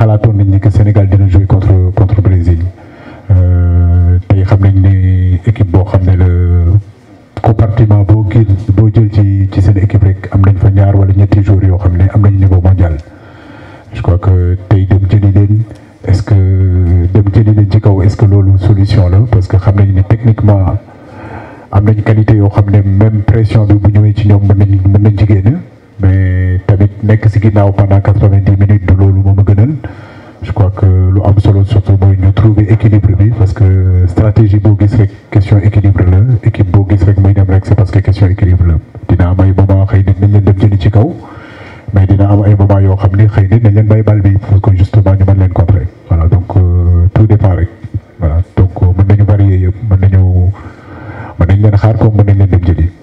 xalaatoon nañ ni que Sénégal dina jouer contre contre Brésil euh, tey xam nañ ne équipe boo xam ne la compartiment boo gën boo jël ci ci seen équipe rek am nañ fa ñaar wala ñetti joueurs yoo xam ne am nañ niveau mondial je crois que tey dem jëli leen est-ce que dem jëli leen ci kaw est-ce que loolu solution la parce que xam nañ ne techniquement am nañ qualité yoo xam ne même pression bi bu ñëwee ci ñoom mën nañ mën nañ ci mais nek ci ginnaaw pendant 90 minutes du loolu moom a gënal je crois que lu am solo surtout mooy ñu trouver équilibre bi parce que stratégie bo gis rek question équilibre la équipe boo gis rek muy dem rek c'est parce que question équilibre la dina am ay moment xëy nit nañ leen dem ci kaw mais dina am ay moment yo xamni ni xëy nit nañ leen bal bi pour que justement ñu mën leen contrer voilà donc euh, tout départ rek voilà donc euh, mën nañu varier yëpp mën nañu mën nañ leen xaar comme mën nañ leen dem jëli